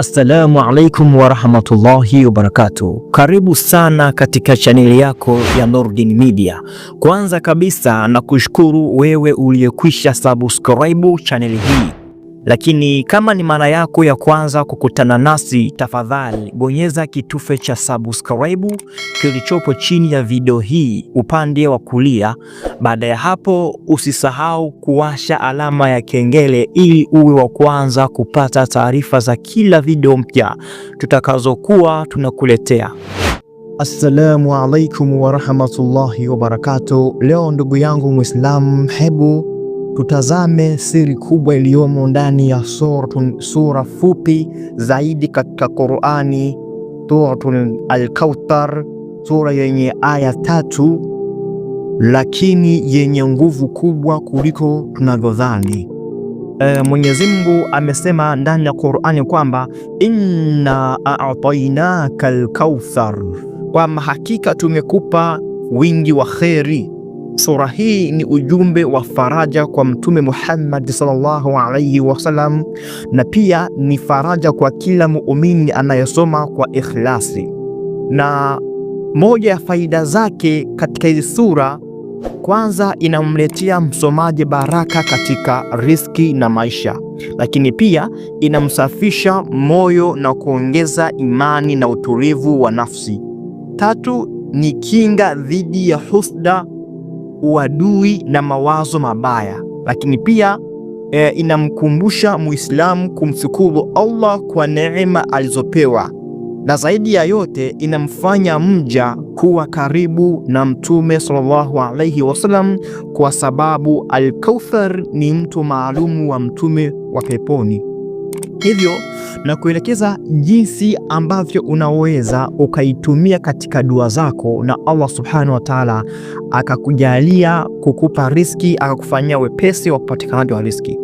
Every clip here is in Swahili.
Assalamu alaikum warahmatullahi wabarakatu Karibu sana katika chaneli yako ya Nurdin Media. Kwanza kabisa na kushukuru wewe uliyekwisha subscribe chaneli hii lakini kama ni mara yako ya kwanza kukutana nasi, tafadhali bonyeza kitufe cha subscribe kilichopo chini ya video hii upande wa kulia. Baada ya hapo, usisahau kuwasha alama ya kengele ili uwe wa kwanza kupata taarifa za kila video mpya tutakazokuwa tunakuletea. Assalamu alaikum warahmatullahi wabarakatuh. Leo ndugu yangu Muislamu, hebu tutazame siri kubwa iliyomo ndani ya sura, sura fupi zaidi katika Qur'ani, suratun al sura yenye aya tatu lakini yenye nguvu kubwa kuliko tunavyodhani. E, Mwenyezi Mungu amesema ndani ya Qur'ani kwamba inna a'tainaka al-kauthar, kwamba hakika tumekupa wingi wa kheri Sura hii ni ujumbe wa faraja kwa Mtume Muhammad sallallahu alaihi wasallam, na pia ni faraja kwa kila muumini anayesoma kwa ikhlasi. Na moja ya faida zake katika hizi sura, kwanza inamletea msomaji baraka katika riski na maisha, lakini pia inamsafisha moyo na kuongeza imani na utulivu wa nafsi. Tatu ni kinga dhidi ya husda uadui na mawazo mabaya, lakini pia e, inamkumbusha Muislamu kumshukuru Allah kwa neema alizopewa, na zaidi ya yote inamfanya mja kuwa karibu na Mtume sallallahu alayhi wasallam, kwa sababu Al-Kauthar ni mto maalumu wa Mtume wa peponi hivyo na kuelekeza jinsi ambavyo unaweza ukaitumia katika dua zako, na Allah subhanahu wa taala akakujalia kukupa riski, akakufanyia wepesi wa upatikanaji wa riski.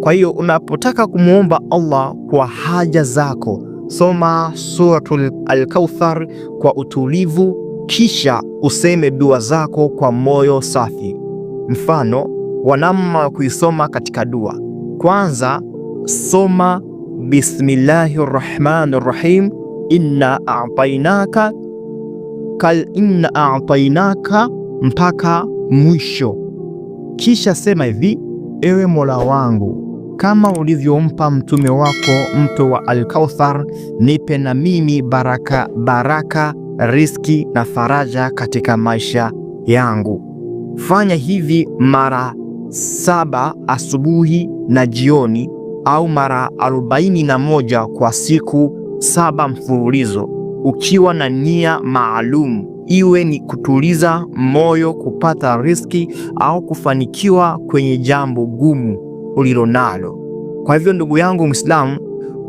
Kwa hiyo unapotaka kumwomba Allah kwa haja zako, soma Suratul Al-Kauthar kwa utulivu, kisha useme dua zako kwa moyo safi. Mfano wa namna kuisoma katika dua, kwanza soma bismillahi rrahmani rrahim, inna a'tainaka kal inna a'tainaka mpaka mwisho. Kisha sema hivi: ewe Mola wangu, kama ulivyompa mtume wako mto wa alkauthar nipe na mimi baraka, baraka riski na faraja katika maisha yangu. Fanya hivi mara saba, asubuhi na jioni au mara 41 kwa siku saba mfululizo ukiwa na nia maalum, iwe ni kutuliza moyo, kupata riski au kufanikiwa kwenye jambo gumu ulilonalo. Kwa hivyo ndugu yangu Mwislamu,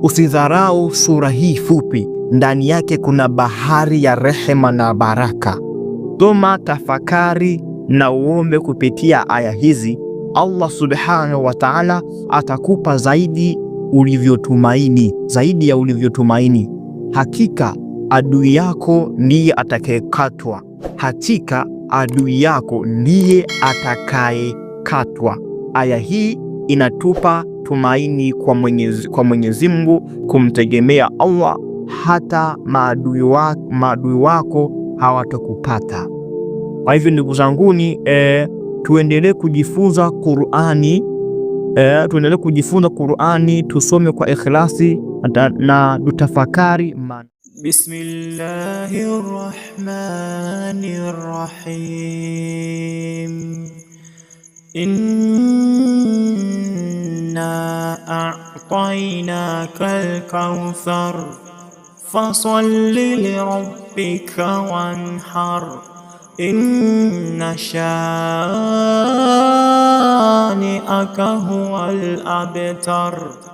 usidharau sura hii fupi, ndani yake kuna bahari ya rehema na baraka. Soma, tafakari na uombe kupitia aya hizi. Allah subhanahu wa ta'ala atakupa zaidi ulivyotumaini, zaidi ya ulivyotumaini. Hakika adui yako ndiye atakayekatwa, hakika adui yako ndiye atakayekatwa. Aya hii inatupa tumaini kwa Mwenyezi, kwa Mwenyezi Mungu kumtegemea Allah, hata maadui wako, maadui wako hawatakupata. Kwa hivyo ndugu zanguni eh, tuendelee kujifunza Qur'ani eh, tuendelee kujifunza Qur'ani, tusome kwa ikhlasi na tutafakari maana Bismillahir Rahmanir Rahim Inna a'tainakal kauthar fasalli rabbika wanhar إن شانئك هو الأبتر